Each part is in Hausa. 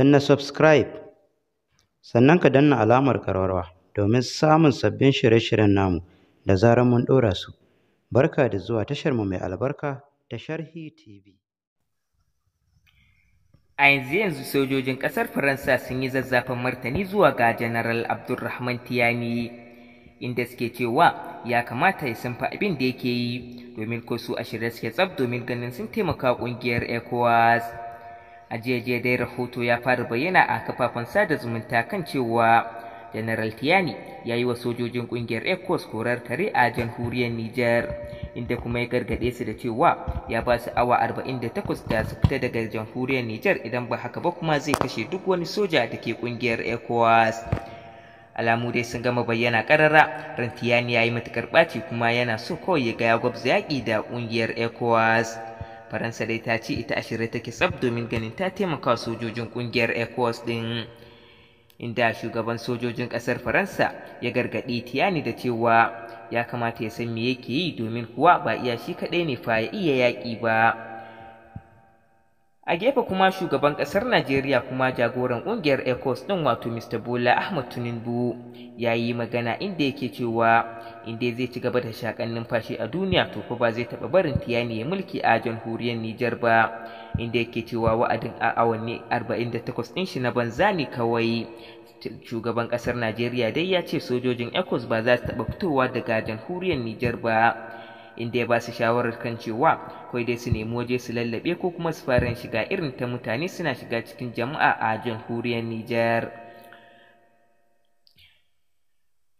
na subscribe sannan ka danna alamar karwarwa domin samun sabbin shirye-shiryen namu da zarar mun ɗora su barka da zuwa tashar mu mai albarka ta sharhi tv a yanzu yanzu sojojin ƙasar faransa sun yi zazzafin martani zuwa ga Jeneral abdulrahman tiyani inda suke cewa ya kamata ya sun abin da yake yi domin ko su a shirye suke tsab domin ganin sun taimaka ƙungiyar ecowas a jiya dai rahoto ya fara bayyana a kafafen sada zumunta kan cewa general tiyani ya yi wa sojojin kungiyar ecos korar kare a jamhuriyar niger inda kuma ya gargaɗe su da cewa ya ba su awa 48 da su fita daga jamhuriyar niger idan ba haka ba kuma zai kashe duk wani soja da ke kungiyar ecos alamu dai sun gama bayyana karara rantiyani ya yi matukar ɓaci kuma yana so kawai ya gaya ya gwabza yaƙi da ƙungiyar Ecos. faransa dai ta ce ita ashirin take tsab domin ganin ta taimaka sojojin kungiyar ecowas din inda shugaban sojojin kasar faransa ya gargaɗi tiyani da cewa ya kamata ya san me yake yi domin kuwa ba iya shi kaɗai ne fa ya iya yaƙi ba a gefe kuma shugaban kasar najeriya kuma jagoran kungiyar ecos din wato mr bola ahmad tinubu ya yi magana inda yake cewa inda zai ci gaba da shakan numfashi a duniya to ba zai taba barin tiyani ya mulki a jamhuriyar nijar ba inda yake cewa wa'adin a awanni 48 din shi na banza ne kawai shugaban kasar najeriya dai ya ce sojojin ecos ba za su taɓa fitowa daga jamhuriyar nijar ba inda ya ba su shawarar kan cewa kawai dai su nemi waje su lallabe ko kuma su fara shiga irin ta mutane suna shiga cikin jama'a a jamhuriyar Nijar.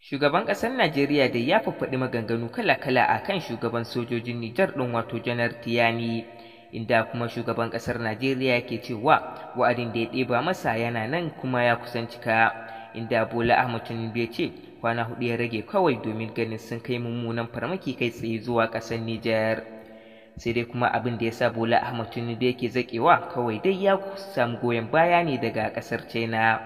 Shugaban ƙasar Najeriya da ya faɗi maganganu kala-kala a kan shugaban sojojin Nijar ɗin wato Janar Tiyani, inda kuma shugaban ƙasar Najeriya ke cewa wa'adin da ya ɗeba masa yana nan kuma ya kusan cika, inda Bola Ahmed Tinubu ya ce kwana hudu ya rage kawai domin ganin sun kai mummunan farmaki kai tsaye zuwa ƙasar Nijar. Sai dai kuma abin da ya sa Bola Ahmad Tinubu yake zaƙewa kawai dai ya samu goyon baya ne daga ƙasar China.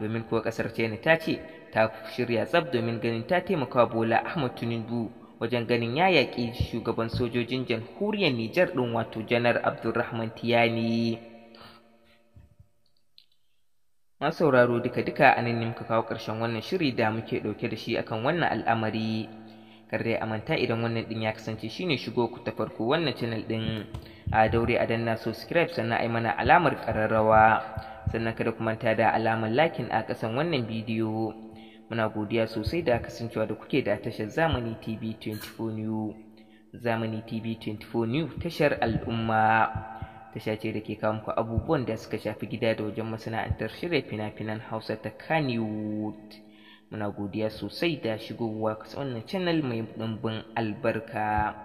Domin kuwa ƙasar China ta ce ta shirya tsab domin ganin ta taimaka Bola Ahmad Tinubu wajen ganin ya yaƙi shugaban sojojin jamhuriyar Nijar ɗin wato Janar Abdulrahman Tiyani. Masu sauraro duka-duka a nan ne muka kawo ƙarshen wannan shiri da muke ɗauke da shi akan wannan al'amari. Kar dai a manta idan wannan ɗin ya kasance shine shigo ku ta farko wannan channel ɗin a daure a danna subscribe sannan a yi mana alamar ƙararrawa sannan kada ku manta da alamar lakin a ƙasan wannan bidiyo. Muna godiya sosai da kasancewa da kuke da tashar Zamani TV 24 New. Zamani TV 24 New tashar al'umma. tasha ce da ke kawo muku abubuwan da suka shafi gida da wajen masana'antar shirya fina-finan hausa ta kannywood muna godiya sosai da shigowa kasa wannan channel mai ɗumbin albarka